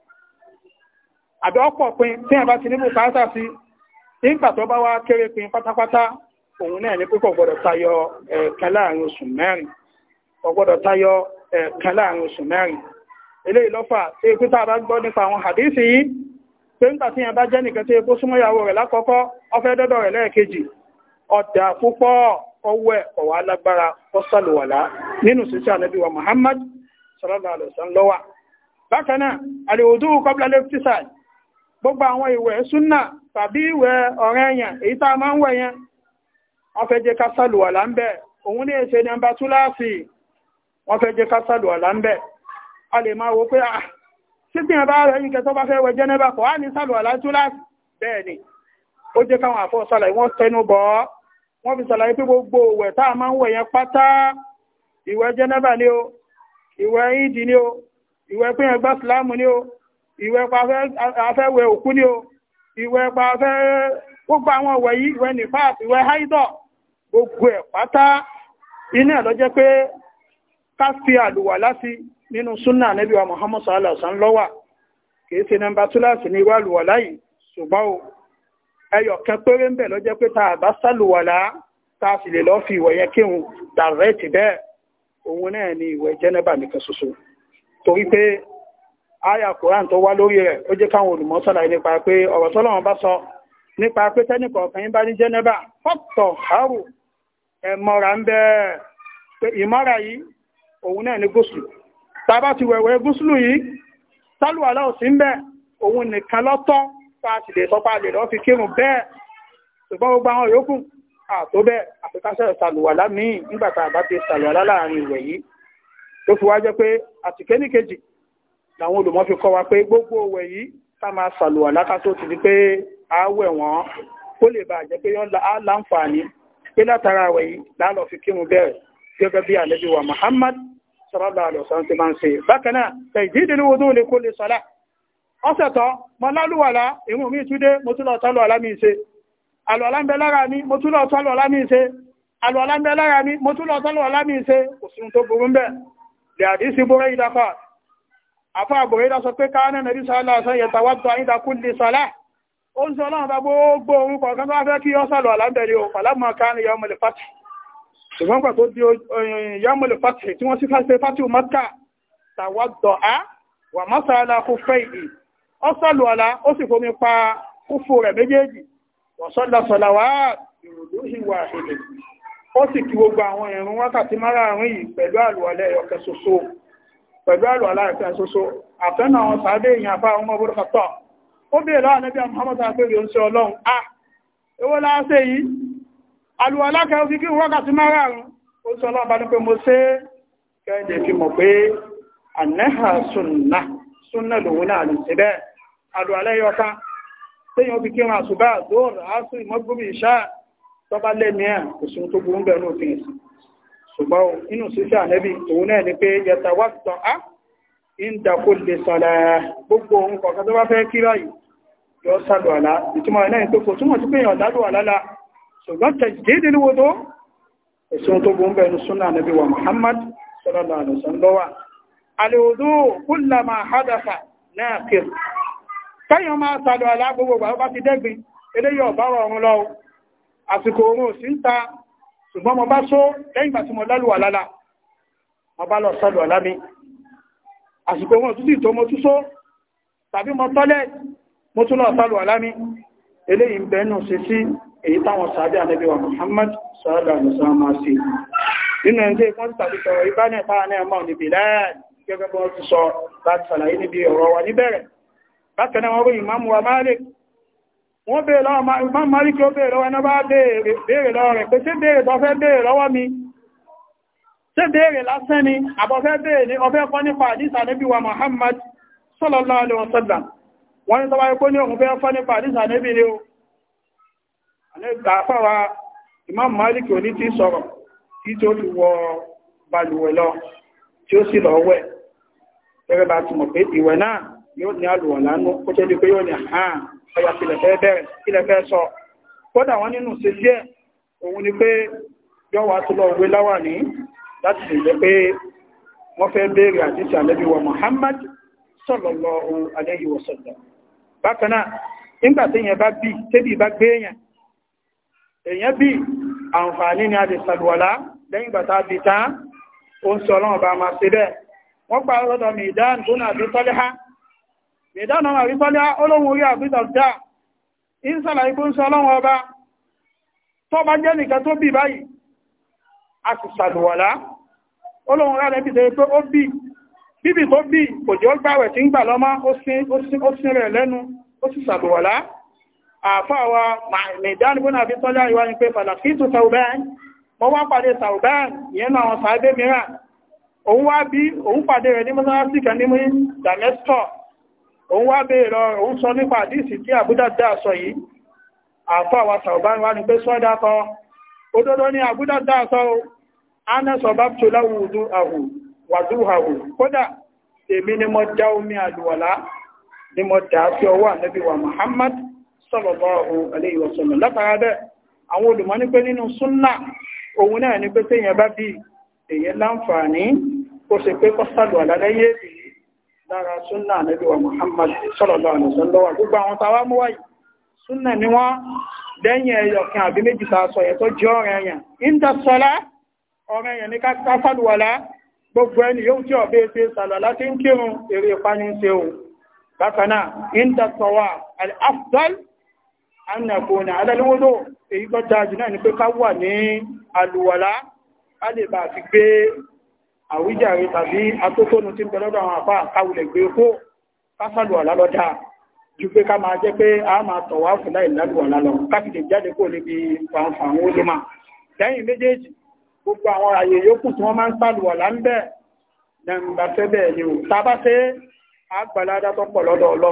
àbí ọ̀pọ̀ pin tí ẹ̀ bá ti níbù káàtà sí nígbà tó bá wá pin pátápátá òun náà ní gbọ́dọ̀ tayọ ẹ̀ẹ̀kan láàrin oṣù mẹ́rin kò tayọ ẹ̀ẹ̀kan láàrin oṣù mẹ́rin eléyìí lọ́fà tí ikú tá a bá gbọ́ nípa àwọn hadisi yìí pé nígbà tí ẹ̀ bá jẹ́ nìkan tí epo súnmọ́ ìyàwó rẹ̀ lákọ́kọ́ ọfẹ́ dọ́dọ̀ rẹ̀ lẹ́ẹ̀kejì ọ̀dà wa Muhammad sallallahu alaihi lọ́wà bákan gbogbo àwọn ìwẹ̀ súnà tàbí ìwẹ̀ ọ̀ranyàn èyí tá a máa ń wẹ̀ yẹn wọ́n fẹ́ jẹ́ ká sàlùwàlá ń bẹ̀ òun ní èsè nọ́mbà túláàsì wọ́n fẹ́ jẹ́ ká a lè máa wo pé à sígbìn bá rẹ̀ yìí ni ó jẹ́ káwọn àfọ́ sàlàyé wọ́n tẹnu bọ̀ ọ́ wọ́n fi sàlàyé pé gbogbo ìwẹ̀ tá a máa ń wẹ̀ yẹn pátá ìwẹ̀ jẹ́nẹ́bà ni o ìwẹ̀pa afẹ́wẹ̀ òkú ní o ìwẹ̀pa afẹ́ gbogbo àwọn ọ̀wẹ̀ yìí ìwẹ̀ nìfàt ìwẹ̀ haidọ̀ gbogbo ẹ̀ pátá iná ẹ̀ lọ́jẹ́ pé ká fi àlùwà láti nínú súnà Ànábì wa Muhammad sallallahu alaihi wasallam lọ́wà kìí ṣe nọmba túláàsì ní ìwà àlùwà láyìí ṣùgbọ́n o torí pé aya koran tó wá lórí rẹ̀ ó jẹ́ káwọn olùmọ̀ sọ̀rọ̀ nípa pé ọ̀rọ̀ tọ́lọ́run bá sọ nípa pé yín bá ní haru ẹ̀mọ́ra ń pé ìmọ́ra yìí òun náà ní tá a bá ti wẹ̀wẹ̀ gúúsùlù yìí tálù àlọ́ òsì ń bẹ̀ òun nìkan lọ́tọ́ pa sì lè sọpa lè fi kírun bẹ́ẹ̀ ṣùgbọ́n gbogbo àwọn yòókù àtó bẹ́ẹ̀ àfikásẹ̀ sàlùwàlá míì nígbà tá a bá ti sàlùwàlá láàrin ìwẹ̀ yìí tó fi wá làwọn olùmọ̀ fi kọ́ wa pé gbogbo òwẹ̀ yìí ká máa sàlùwà láká tó ti di pé àwẹ̀ wọ́n kó lè bàa jẹ́ pé á láǹfààní pé látara àwẹ̀ yìí lálọ́ fi kírun bẹ́ẹ̀ gẹ́gẹ́ bí àlejò wa Muhammad sallallahu alaihi wasallam ti máa ń ṣe bákan náà tajdidul wudu li kulli salah ọ̀sẹ̀tọ̀ mọ lálùwàlá ìrun mi túdé mo tún lọ tọ́lù ọ̀lá mi ṣe àlùwàlá ń bẹ lára mi mo tún lọ tọ́lù ọ̀lá mi ṣe àlùwàlá ń bẹ lára mi mo tún lọ tọ́lù ọ̀lá mi ṣe òsùn tó burú ń bẹ̀ lè àdísí bóra ìdákọ̀ àfá àbòrẹ́dá sọ pé káánà nàbí sọ́lá ọ̀sán yẹta wájú àyíta kú lè sọ́lá ó ń sọ ọlọ́run bá gbogbo ohun kọ̀ọ̀kan tó wá fẹ́ kí ọ sọ̀lọ̀ àlábẹ̀rẹ̀ o pàlámọ̀ káánà yọmọlẹ̀ pàtì ṣùgbọ́n pà tó di eh, yọmọlẹ̀ pàtì tí wọ́n sì fẹ́ pàtì mọ́kà tàwádọ̀ á wà mọ́sàálà kú fẹ́ ìdí ọ sọ̀lọ̀ ọ̀la ó sì fomi pa kúfù rẹ̀ méjèèjì wọ̀sọ́lá sọ̀lá wá ìrùlú ìwà èdè ó sì kí gbogbo àwọn ìrun wákàtí márààrún yìí pẹ̀lú àlùwalẹ̀ ọ̀kẹ́ ṣoṣo pẹ̀lú àlọ́ aláìsẹ̀ ṣoṣo àfẹ́nà àwọn sàádé èèyàn afá ọmọ bó kàtọ́ ó bèèrè láwọn ẹbí Muhammad afẹ́rẹ́ oúnjẹ ọlọ́run a ewó láàṣẹ yìí alùwà alákẹ́ òfin kí wákàtí márààrún ó ọlọ́run bá ní pé mo ṣe kẹ́ẹ̀dẹ̀ fi sunna sunna lòun náà lè ṣe bẹ́ẹ̀ alùwà alẹ́yọká téèyàn fi kírun àṣùbà àdóòrò ṣùgbọ́n inú síṣẹ́ ànẹ́bí òun náà ni pé yẹta wá tán á ń dàkó lè sọ̀lá gbogbo ohun kọ̀ọ̀kan tó bá fẹ́ kí báyìí yọ sálò àlá ìtumọ̀ náà tó kò túmọ̀ sí pé èèyàn dálò àlálà Muhammad sọ́lọ́lá àlùsàn lọ́wà alèwòdó kúlà máa hádàfà náà kìr káyọ̀ máa sálò àlá gbogbo bá ti dẹ́gbin eléyọ̀ bá wà ọ̀run lọ́wọ́ àsìkò ṣùgbọ́n mo bá só lẹ́yìn ìgbà tí mo lálùwà lálá mo bá lọ sọ́lù ọ̀lá mi àsìkò wọn tútù tó mo tún só tàbí mo tọ́lẹ̀ mo tún lọ sọ́lù ọ̀lá mi eléyìí sí sí èyí táwọn sàábí ànábì Muhammad sọ́lá musamma sí nínú ẹgbẹ́ ìfọ́n tàbí sọ̀rọ̀ ìbánẹ̀ fáwọn náà mọ̀ níbi láàrín gẹ́gẹ́ bí wọ́n ti sọ láti sàlàyé níbi ọ̀rọ̀ wa níbẹ̀rẹ̀ wa Malik wọ́n béèrè lọ́wọ́ Imam Malik ó béèrè lọ́wọ́ ẹ̀nà bá béèrè lọ́wọ́ rẹ̀ pé ṣé béèrè tó fẹ́ béèrè lọ́wọ́ mi ṣé béèrè lásán ni àbọ̀fẹ́ béèrè ní ọfẹ́ kọ́ nípa àdísà níbi wa Muhammad sallallahu alaihi wasallam wọ́n ní sọwọ́ ikú ní òun fẹ́ kọ́ nípa àdísà Imam Malik ò ní ti sọ̀rọ̀ tí tó fi wọ balùwẹ̀ lọ tí ó sì lọ wẹ̀ gẹ́gẹ́ yóò ní àlùwọ̀ lánú kó tó di pé yóò ní àhán ọya kílẹ̀ fẹ́ bẹ̀rẹ̀ kílẹ̀ fẹ́ sọ kódà wọ́n nínú ṣe díẹ̀ òun ni pé yọ́ wa tó lọ òwe láwà ní láti lè pé wọ́n fẹ́ béèrè àdísì àlẹ́bí wa Muhammad sallallahu alayhi wa sallam bákan náà nígbà tí èèyàn bá ni a lè sàlùwàlá lẹ́yìn bàtà bí tán ó ń sọ ọlọ́run wọ́n pa ọlọ́dọ̀ mi ìdáhùn náà bí tọ́lẹ́há ìdáná àrífọ́lá olóhun orí àbídọ̀dá ìsàlà ikú ń sọ ọlọ́run ọba tó bá jẹ́ nìkan tó bí báyìí a sì sàlùwọ̀lá olóhun rẹ̀ lẹ́bí tẹ́ pé ó bí bíbí tó bí kò jẹ́ ó gbàwẹ̀ tí ń gbà lọ́mọ ó sín rẹ̀ lẹ́nu ó sì sàlùwọ̀lá àfáwa mẹ̀dánibónà àbítọ́lá ìwá ni pé fàlàfíìtù sàùbẹ́n mọ́ wá pàdé sàùbẹ́n ìyẹn náà sàábé òun wá bí òun pàdé rẹ̀ ní mọ́sánásí ní mú dàmẹ́stọ̀ òun wá bèèrè òun sọ nípa àdísì tí àbúdàdá sọ yìí àfọ́ àwọn sàọ̀bá wá ní pé sọ́dá kọ́ òdodo ni àbúdàdá sọ anẹ́sọ̀bá tó ni mo já omi àlùwàlá ni mo dà sí ọwọ́ wa Muhammad sallallahu alaihi wasallam látara bẹ́ẹ̀ àwọn olùmọ̀ ní pé nínú súnnà òun náà ni pé téèyàn bá bí èyí kó ṣe pé kó sàlùwàlá lẹ́yìn lára súnnà Ànábì wa Muhammad sallallahu alaihi wasallam gbogbo àwọn tàwa mú wáyìí súnnà ni wọ́n lẹ́yìn ẹyọ̀kan àbí méjì ta sọ yẹ tó jẹ́ ọ̀rẹ́ ẹ̀yàn ìntàsọ́lá ọ̀rẹ́ ẹ̀yàn ní káfàlùwàlá gbogbo ẹni yóò tí ọ̀bẹ́ ṣe sàlọ̀ láti ń kírun èrè ìpani ń ṣe ohun bákaná ìntàsọ́wà al-afdal annakuna adalwodo èyí gbọ́ta jù náà ni pé ká wà ní àlùwàlá a lè bá fi gbé àwíjàre tàbí atótónu tí ń bẹ̀lọ́dọ̀ àwọn àpá àkáwulẹ̀ gbé kó kásàlù àlálọ́dá ju pé ká máa jẹ́ pé a máa tọ̀ wá fún láì lálù àlálọ́ káfíde jáde kó níbi fàǹfàǹ ó lè máa lẹ́yìn méjèèjì gbogbo àwọn àyè yòókù tí wọ́n máa ń sàlù àlá ń bẹ̀ nàìjíríà fẹ́ bẹ́ẹ̀ ni ò tá a bá ṣe àgbàládá tó pọ̀ lọ́dọ̀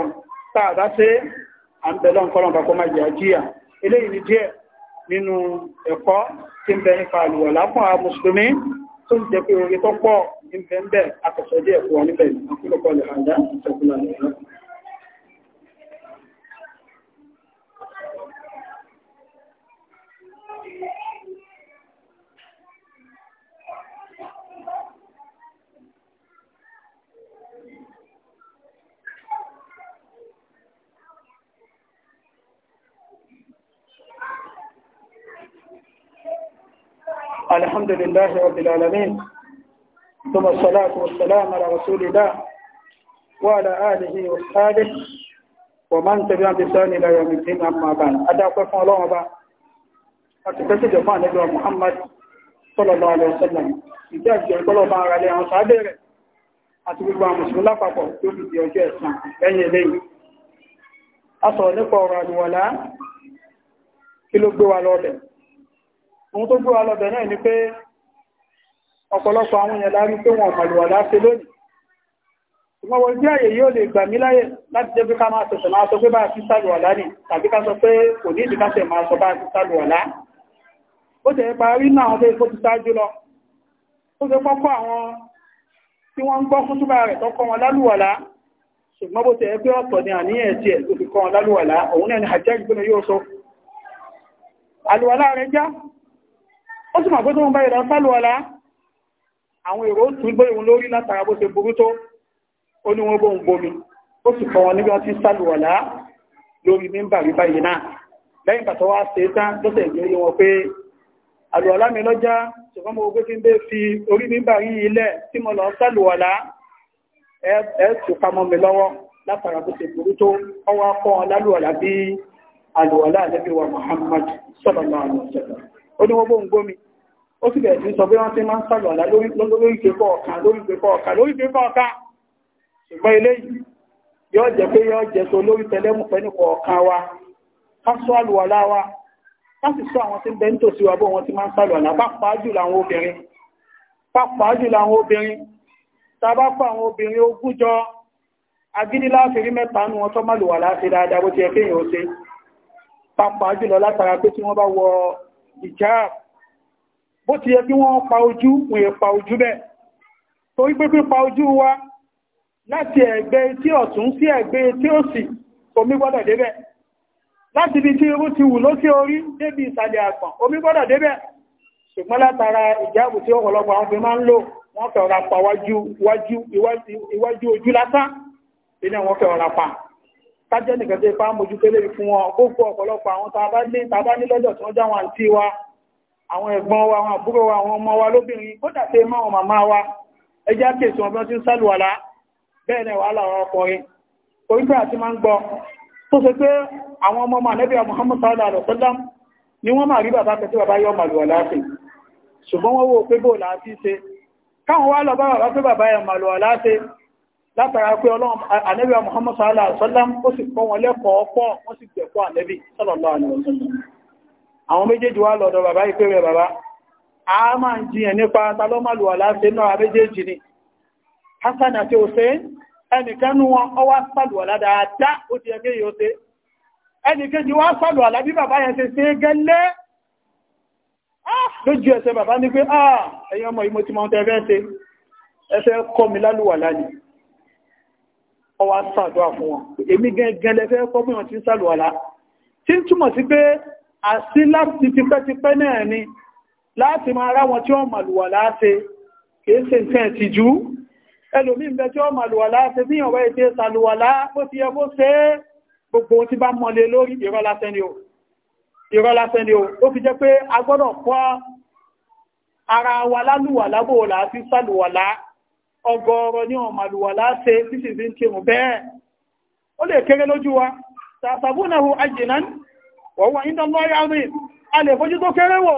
tó ń jẹ́ pé orí tó pọ̀ ń bẹ̀ẹ́ àkọsọ̀dé ẹ̀kọ́ níbẹ̀ àkúrọ̀kọ́ lè hàn dá ìṣẹ́kùnlá الحمد لله رب العالمين ثم الصلاة والسلام على رسول الله وعلى آله وصحبه ومن تبعهم بإحسان إلى يوم الدين أما بعد أدعوكم الله أبا أتكلم جماعة نبي محمد صلى الله عليه وسلم ìjẹ́ ìjẹ́ ìgbọ́lọ̀ bá ara lẹ́ àwọn sàádẹ́ rẹ̀ àti gbogbo àwọn mùsùlùmí lápapọ̀ tó fi di ọjọ́ ẹ̀san lẹ́yìn eléyìí a ohun tó gbé wa lọ́bẹ̀ náà ni pé ọ̀pọ̀lọpọ̀ àwọn èèyàn lárí pé wọn ọ̀mọ̀lùwà láti lónìí ṣùgbọ́n wọ́n tí àyè yóò lè gbà mí láyè láti jẹ́ pé ká máa tẹ̀sẹ̀ máa sọ pé bá ti sálù ọ̀lá nì tàbí ká sọ pé kò ní ìdíkásẹ̀ máa tó ni àníyàn tiẹ̀ tó fi kọ́ wọn lálùwàlá òun náà ni àjẹ́ ìgbóná yóò sọ àlùwàlá rẹ̀ já ó sì mọ̀ pé tó ń bá ìrọ̀ sálù ọlá àwọn èrò tún gbé òun lórí látara bó ṣe burú tó ó ní wọ́n bó ń bomi ó sì fọ́ wọn níbi wọ́n ti sálù ọlá lórí mímbà rí báyìí náà lẹ́yìn pàtó wá ṣe tán lọ́sẹ̀ ìgbéyé wọn pé àlù ọlá mi lọ́já ṣùgbọ́n mo gbé Muhammad sallallahu alaihi wasallam ó ní wọ́n bó ń gbómi ó sì bẹ̀rẹ̀ sí sọ bí wọ́n ti máa ń sọ̀rọ̀ àlá lóríkẹ́ kọ̀ọ̀kan lóríkẹ́ kọ̀ọ̀kan lóríkẹ́ kọ̀ọ̀kan ṣùgbọ́n eléyìí yóò jẹ́ pé yóò jẹ́ so lórí tẹlẹ́mù pẹ́nu kọ̀ọ̀kan wa ká sọ àlùwàlá sọ àwọn tí ń bẹ nítòsí wa bó wọn ti máa ń sọ̀rọ̀ àlá pàápàá bó ti yẹ kí wọ́n pa ojú wọ́n pa ojú bẹ́ẹ̀ torí pé pípa ojú wa láti ẹ̀gbẹ́ etí ọ̀tún sí ẹ̀gbẹ́ etí òsì omi gbọ́dọ̀ débẹ̀ láti ibi tí irú ti wù lókè orí débi ìsàlẹ̀ àgbọ̀n omi gbọ́dọ̀ débẹ̀ ṣùgbọ́n látara ìjáàbù tí ọ̀pọ̀lọpọ̀ àwọn fi máa ń lò wọ́n fẹ́ ọ̀rà pa iwájú ojú lásán ilé wọn fẹ́ ọ̀rà pa kájẹ́ nìkan tí ipá mójútó lè fún wọn gbogbo ọ̀pọ̀lọpọ̀ àwọn tàbá ní lọ́jọ́ tí wọ́n já wọn àti wa àwọn ẹ̀gbọ́n wa àwọn àbúrò wa àwọn ọmọ wa lóbìnrin kódà tẹ mọ́ àwọn màmá wa ẹjá kèsì wọn bí wọ́n ti ń sálùwàlá bẹ́ẹ̀ náà wàhálà àwọn ọkùnrin orí àti máa ń gbọ́ tó ṣe pé àwọn ọmọ ọmọ ànẹ́bíà Muhammad sallallahu alaihi ni wọ́n máa rí bàbá kẹsí bàbá yọ màlúwà láti ṣùgbọ́n wọ́n wò pé bò láti ṣe káwọn wá lọ bá Muhammad sallallahu alaihi wasallam ó sì kọ́ wọn lẹ́kọ̀ọ́ pọ̀ wọ́n àwọn méjèèjì wá lọ́dọ̀ bàbá ìpé rẹ̀ bàbá a máa ń jiyàn nípa talọ́màlùwà láti náà méjèèjì ni Hassan àti Hussein ẹnìkanú wọn ọwá sàlùwà ládáadáa ó ti ẹgbẹ́ yóò ṣe ẹnìkejì wá sàlùwà lábí bàbá yẹn ṣe ṣe gẹ́lẹ́ ah! lójú ẹsẹ̀ bàbá ní pé ah ẹ̀yin ọmọ ìmọ̀ tí mọ́ tẹ́ fẹ́ ṣe ẹsẹ̀ kọ́ mi lálùwà lánìí ọwá sàdọ́ àfún wọn èmi àti láti tipẹ́tipẹ́ náà ni láti máa rá wọn tí ó màlùwà láàáṣe kìí ṣe nǹkan ti jú ẹlòmí ń bẹ tí ó màlùwà láàáṣe bí ìyànwẹ́ ètè sàlùwà láàpọ̀ ti ẹbó ṣe gbogbo tí bá mọ́lé lórí irọ́ lásán ni o ó fi jẹ́ pé a ara wa lálùwà lábò láti sàlùwà lá ọgọ́rọ̀ ní ọmàlùwà láàáṣe títí fi ń kírun bẹ́ẹ̀ ó lè kéré lójú wọ́wọ́ ìdánlọ́rí àmì a lè fojú tó kéré wò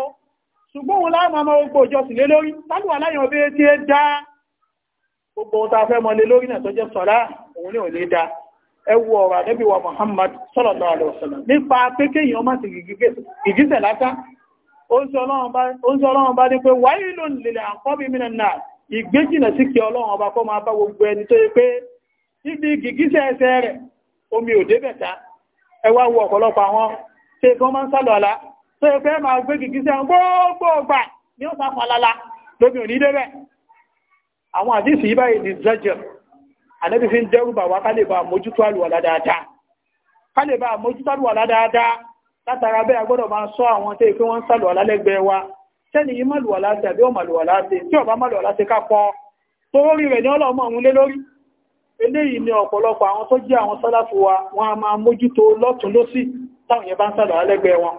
ṣùgbọ́n òun láàmà ọmọ ogbò ìjọsìn lé lórí tánúwà láyàn bí tí é dá gbogbo ohun tàfẹ́ mọ́ lé lórí náà tó jẹ́ sọ́lá òun ní Muhammad sallallahu alaihi wasallam nípa pékè èèyàn má ti gìgísẹ̀ látá ó ń sọ ọlọ́run bá ní pé wailun lil aqabi minan nar ìgbéjìnà sí kí ọlọ́run ọba kọ́ máa bá gbogbo ẹni tó yẹ pé níbi gìgísẹ̀ ẹsẹ̀ rẹ̀ omi ò débẹ̀ta ẹwà wọ ọ̀pọ̀lọpọ̀ àwọn ṣe gan máa ń sálọ àlá tó yẹ fẹ́ máa gbé kìkì sẹ́wọ̀n gbogbo ọgbà ní ọ̀sán falala lóbi òní débẹ̀ àwọn àdìsí yìí báyìí ní zajir ànábi fi ń dẹ́rù bà wá ká lè bá àmójútó àlùwàlá dáadáa ká lè bá àmójútó àlùwàlá dáadáa látara bẹ́ẹ̀ agbọ́dọ̀ máa sọ àwọn tẹ́ ìpín wọ́n ń sàlùwàlá lẹ́gbẹ̀ẹ́ wa tẹ́ni yí màlùwàlá ti àbí ọmọ àlùwàlá ti tí ọba màlùwàlá ti kápọ̀ tó rí rẹ̀ ní ọlọ́mọ òun lé lórí eléyìí ni ọ̀pọ̀lọpọ̀ àwọn tó jẹ́ àwọn sàlàfù wọn a máa mójútó lọ́tún lósì táwọn yẹn bá ń sàlọ̀ alẹ́gbẹ̀ẹ́ wọn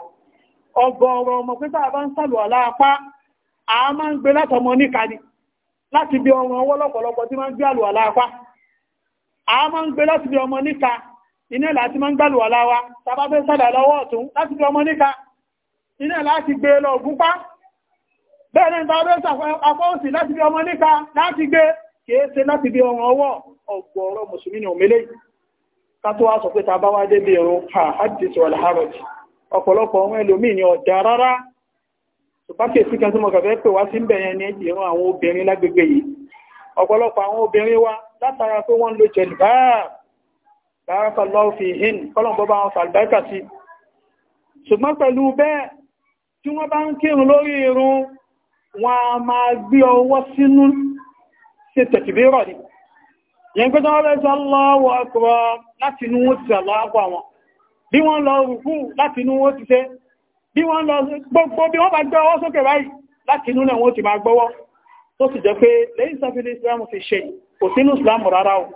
ọgọ́rọ̀ ọmọ pé táà bá ń sàlọ̀ aláapá a máa ń gbé látọmọ níka ni láti bí ọmọ ọwọ́ lọ́pọ̀lọpọ̀ tí máa ń gbé àlù aláapá a máa ń gbé láti bí ọmọ níka iná láti máa ń gbàlù aláwa tàbá fẹ́ sàlọ̀ lọ́wọ́ ọ̀tún láti bí kátó wá sọ pé ta bá wá ẹ̀rọ ha hadith wal haraj ọ̀pọ̀lọpọ̀ ohun ẹlòmíì ni ọ̀dá rárá ṣùgbọ́n kèsí kan tí wá sí ní àwọn obìnrin lágbègbè yìí ọ̀pọ̀lọpọ̀ àwọn wa látara pé wọ́n lo jẹ̀lbáà irun a yẹn pé tán rẹ̀ sọ́lọ́wọ́ ọkọ̀rọ̀ láti inú wọ́n ti sàlọ́wọ́ àwọn bí wọ́n lọ rùkú láti inú wọ́n ti tẹ́ bí wọ́n lọ gbogbo bí wọ́n bá gbé ọwọ́ sókè báyìí láti inú náà ti máa gbọ́wọ́ tó sì jẹ́ pé lẹ́yìn sọ́fílẹ̀ ìsìlámù ti ṣe kò sínú ìsìlámù rárá o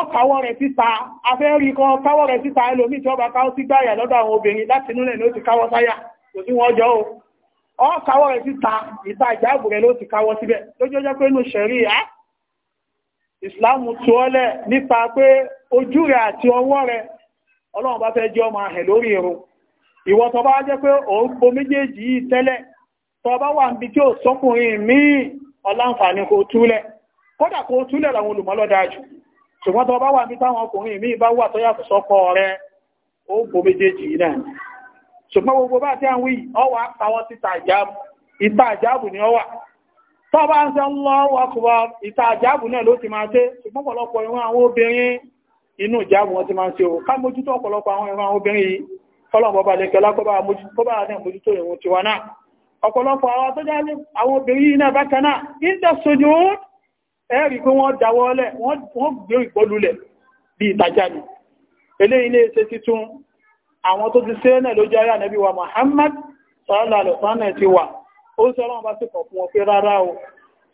ọkàwọ́ rẹ̀ síta afẹ́rí kan káwọ́ rẹ̀ síta ẹlòmí tí ọba káwọ́ sí gbáyà lọ́dọ̀ àwọn obìnrin láti inú náà ló ti káwọ́ sáyà kò sí wọ́n jọ o ọkàwọ́ rẹ̀ síta ìta ìjáàbù rẹ̀ ló ti káwọ́ síbẹ̀ lójó pé inú ṣẹ̀rí ẹ́ islam tú ọlẹ̀ nípa pé ojú rẹ àti ọwọ́ rẹ ọlọ́run bá fẹ́ jẹ́ ọmọ ahẹ̀ lórí irun ìwọ bá jẹ́ pé òun po méjèèjì yìí tẹ́lẹ̀ tó bá wà níbi tí ó sọ́kùnrin míì ọláǹfààní kò túlẹ̀ kódà kò túlẹ̀ làwọn olùmọ́lọ́dá ṣùgbọ́n bá wà táwọn ọkùnrin míì bá wà tó yàtọ̀ sọ́kọ po méjèèjì yìí náà ṣùgbọ́n gbogbo bá àwọn ọwà ni ọwà tọ́bá ń sẹ lọ́wọ́ ọkùnwà ìta àjábù náà ló ti máa tẹ́ ṣùgbọ́n ọ̀pọ̀lọpọ̀ ìwọ̀n àwọn obìnrin inú ìjábù wọn ti máa ṣe o ká mójútó ọ̀pọ̀lọpọ̀ àwọn ìwọ̀n àwọn obìnrin yìí kọlọ̀bọ̀bà lẹ́kẹ̀ lágbọ́bà mójútó ìwọ̀n tiwa náà ọ̀pọ̀lọpọ̀ àwọn tó jẹ́ àwọn obìnrin yìí náà bákan náà ìjọ sojú ẹ̀rí pé wọ́n dáwọ́lẹ̀ wọ́n gbé ìgbọ́lulẹ̀ bí ìtajà ni eléyìí lè ṣe titun àwọn tó ti ṣe náà lójú ayé ànẹ́bí wa Muhammad sallallahu alaihi wasallam ti ó sọ ọlọ́run bá sì kọ̀ o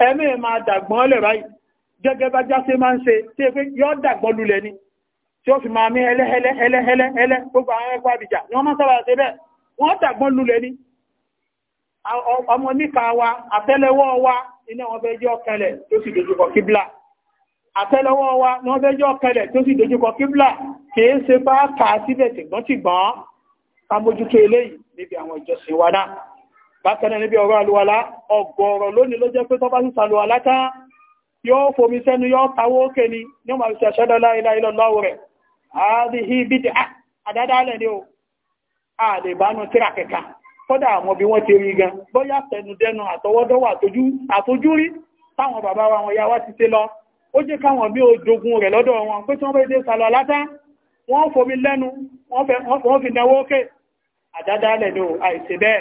ẹ̀mí máa dàgbọ́n lẹ̀ báyìí gẹ́gẹ́ bá jáse máa ń ṣe tí pé ni tí ó fi máa mí ẹlẹ́hẹ́lẹ́hẹ́lẹ́ gbogbo àwọn ẹgbẹ́ àbìjà ni wọ́n máa sábà ṣe bẹ́ẹ̀ wọ́n dàgbọ́n lulẹ̀ ni ọmọ níka wa àtẹ́lẹwọ́ wa iná wọn fẹ́ jẹ́ ọkẹlẹ̀ tó sì dojúkọ kíblà àtẹ́lẹwọ́ wa ni wọ́n fẹ́ jẹ́ ọkẹlẹ̀ tó sì dojúkọ kíblà kìí ṣe bá kà á síbẹ̀ tìgbọ́n tìgbọ́n ká bákanáà níbi ọ̀rọ̀ àlùwàlá ọgọ́rọ̀ lónìí ló jẹ́ pé tọ́bá sí sàlùwàlá tán yóò fomi sẹ́nu yóò tawó òkè ni ní ọmọ ìṣẹ́ ṣẹ́dọ̀ láìlá ìlọ́lọ́wọ́ rẹ̀ àádìí bídì àdádálẹ̀ ni ó àdìbánu tíra kẹta kódà àwọn bí wọ́n ti rí gan bóyá tẹnudẹnu àtọwọ́dọ́wọ́ àtojúrí táwọn bàbá wa wọn ya wá ti ṣe lọ ó jẹ́ káwọn bí ó jogun rẹ̀ lọ́dọ̀ wọn pé tí wọ́n bẹ́ dé sàlùwàlá tán wọ́n fomi lẹ́nu wọ́n fi náwó òkè àdádálẹ̀ ni o àìṣe bẹ́ẹ̀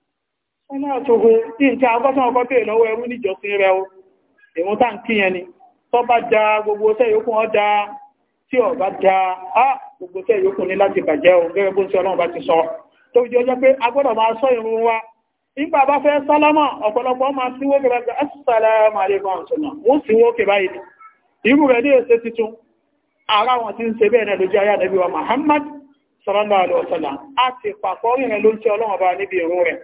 ọmọ ọ̀tọ̀gùn tí n tí a gọ́sán ọkọ́ tèè lọ́wọ́ ẹrú níjọsìn rẹ̀ o èwọ́n tá ń kí yẹn ni tó bá da gbogbo tẹ́ yókùn ọ́ da tí ọ̀ bá da á gbogbo tẹ́ yókùn ní láti bàjẹ́ o gẹ́gẹ́ bó ń tí ọlọ́run bá ti sọ tó fi jẹ́ pé a gbọ́dọ̀ máa sọ ìrun wa nígbà bá fẹ́ sálámà ọ̀pọ̀lọpọ̀ máa sí wókè báyìí assalamu alaikum ọ̀sọ̀nà ara wọn ti ń ṣe bẹ́ẹ̀ náà lójú ayá nàbí wa Muhammad sallallahu alaihi wasallam a ti pàpọ̀ rìnrìn ló ń tí ọlọ́run bá níbi ìrun rẹ̀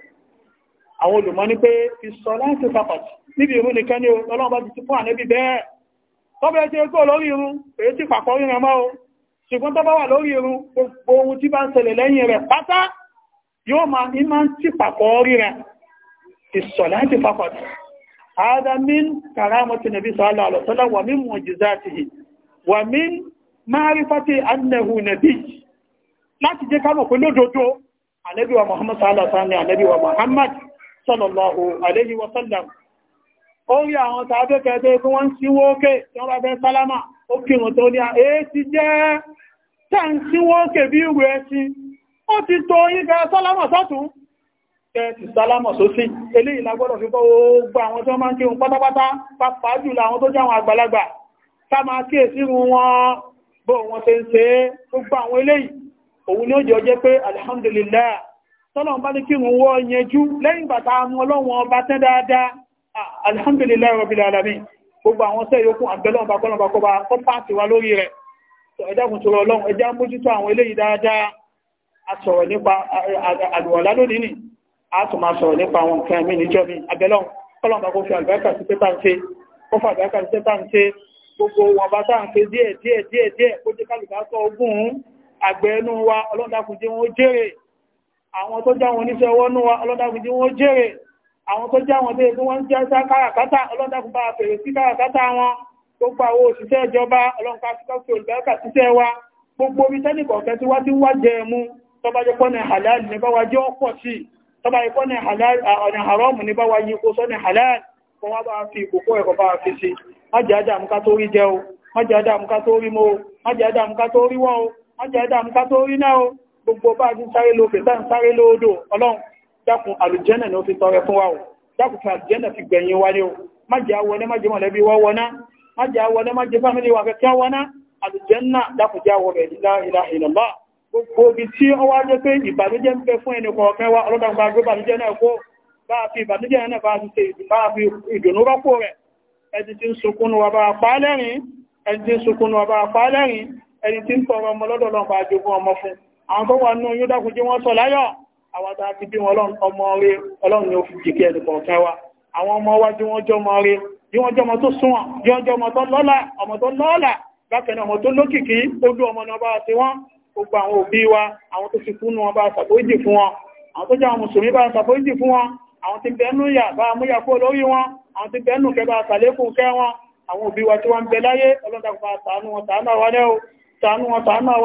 àwọn olùmọ́ ní pé ìsọ láti pàpàtì níbi ìrún nìkan ní ọlọ́run bá ti ti fún ànẹ́bí bẹ́ẹ̀ tọ́bẹ̀ tí ó lórí irun èyí ti pàpọ̀ ríran mọ́ o ṣùgbọ́n tọ́bá wà lórí irun gbogbo ohun tí bá ń ṣẹlẹ̀ lẹ́yìn rẹ̀ pátá yóò ma ní máa ń ti pàpọ̀ ríran ìsọ láti pàpàtì adamin karamati nabi sallallahu alaihi wasallam wa min mu'jizatihi wa min ma'rifati annahu nabi láti jẹ́ ká mọ̀ pé lódodo ànábì wa muhammad sallallahu alaihi wasallam ànábì wa muhammad sallallahu alayhi wa sallam ó rí àwọn tàbí kẹ́ẹ̀tẹ́ tí wọ́n ń síwó ókè tí wọ́n bá fẹ́ sálámà ó kírùn tó ní àéṣì jẹ́ tẹ́ ń síwó ókè bí ìwé ẹṣin ó ti tó yíká sálámà sọ́tún kẹ́ẹ̀tì sálámà sósì eléyìí la gbọ́dọ̀ fi gbọ́ àwọn tí wọ́n máa ń kírun pátápátá pàápàá jùlọ àwọn tó jẹ́ àwọn àgbàlagbà ká máa kíyèsí irun wọn bó wọn ṣe ń ṣe gbogbo alhamdulillah tọ́lọ̀n bá ní kí wọ́n wọ́ yẹjú lẹ́yìn bàtà mú ọlọ́wọ́n ọba tẹ́ dáadáa alhamdulillah rabbil alamin gbogbo àwọn sẹ́ yóò kún àgbẹ̀lọ́n bakọ́lọ́n bakọ́ba kọ́ pàtì wa lórí rẹ̀ ẹjẹ́kùn tó rọlọ́n ẹjẹ́ mójútó àwọn eléyìí dáadáa a sọ̀rọ̀ nípa àlùwọ̀lá lónìí ni a tún máa sọ̀rọ̀ nípa àwọn nǹkan mi níjọ́ mi àgbẹ̀lọ́n kọ́lọ́n bakọ́ fi àlùbáríkà sí pépà ń ṣe kọ́ fà àlùbáríkà wọn bá táà ń ṣe díẹ̀ díẹ̀ díẹ̀ díẹ̀ kó jẹ́ kálùbá sọ ogún àgbẹ̀ wa ọlọ́dàkùn jẹ́ wọn ó jèrè àwọn tó jáwọn oníṣẹ́ ọwọ́ núwa ọlọ́dàkùn tí wọ́n jèrè àwọn tó jáwọn tó yẹ kí wọ́n jẹ́ sá káràkátà ọlọ́dàkùn bá fèrè sí káràkátà wọn gbogbo àwọn òṣìṣẹ́ ìjọba ọlọ́nkà síkọ́sí olùbẹ́ẹ̀kà síṣẹ́ wa gbogbo omi tẹ́nìkọ̀ọ́kẹ́ tí wá ti wá jẹ ẹmu tọba jẹ́ pọ́nà halal ní bá wa jẹ́ ọ̀pọ̀ sí tọba jẹ́ pọ́nà ọ̀nà haram ní bá wa yí kó sọ́nà halal kan wá bá fi ìkòkó ẹ̀kọ́ bá fi sí májẹ́ àdá àmúká tó rí jẹ́ o májẹ́ àdá o májẹ́ àdá àmúká tó rí wọ́n o májẹ́ àdá àmúká tó rí náà gbogbo bá jí sáré lókè tá ń sáré lóòdò ọlọ́run dákun àlùjẹ́nà ní ó fi tọrẹ fún wa o dákun fi àlùjẹ́nà fi gbẹ̀yìn wa ní o má jẹ́ awọ́lé má jẹ́ mọ̀lẹ́bí wa wọná má jẹ́ awọ́lé má jẹ́ fámílì wa kẹ́kẹ́ wọná àlùjẹ́nà dákun jẹ́ awọ́ rẹ̀ nílá ìlà ìlọ́lá gbogbo ibi tí ó wá jẹ́ pé ìbànújẹ́ ń bẹ fún ẹni kọ̀ọ̀kan wa ọlọ́dà gba gbé ìbànújẹ́ náà kó bá fi ìbànújẹ́ náà bá fi bá fi ìdùnnú rọ́pò rẹ̀ ẹni tí ń sunkún wa bá pa lẹ́rìn ẹni tí ń tọrọ ọmọ lọ́dọ̀ lọ́nà bá jogún ọmọ fún àwọn tó wà nínú yóò dákun jí wọ́n sọ láyọ̀ àwọn ọmọ ni ó fi jìkẹ́ ẹnì kọ̀ọ̀kan wa àwọn ọmọ wa jí wọ́n jọmọ rẹ jí wọ́n jọmọ tó súnwọ̀n jí wọ́n jọmọ tó lọ́lá ọmọ tó lọ́lá bákan náà ọmọ tó lókìkí ojú ọmọ náà bá ti wọ́n gbogbo àwọn òbí wa àwọn tó ti kúnnú wọn bá ṣàpòjì fún wọn àwọn tó jẹ́ àwọn mùsùlùmí bá ṣàpòjì fún wọn àwọn tí bẹ̀ẹ́nù yà bá múyà kó lórí wọn àwọn tí bẹ̀ẹ́nù kẹ bá ṣàlékún kẹ́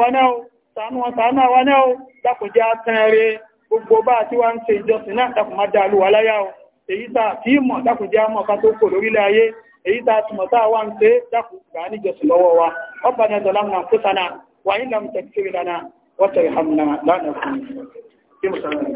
wọn ṣàánú wọn ṣàánú àwa náà ó dákòjá tẹ́rẹ gbogbo bá tí wá ń ṣe ìjọsìn náà dákò má dáa lùwà láyá o èyí tá tí mọ̀ dákòjá mọ̀ ká tó kò lórílẹ̀ ayé èyí tá tí mọ̀ táà wá ń ṣe dákò sana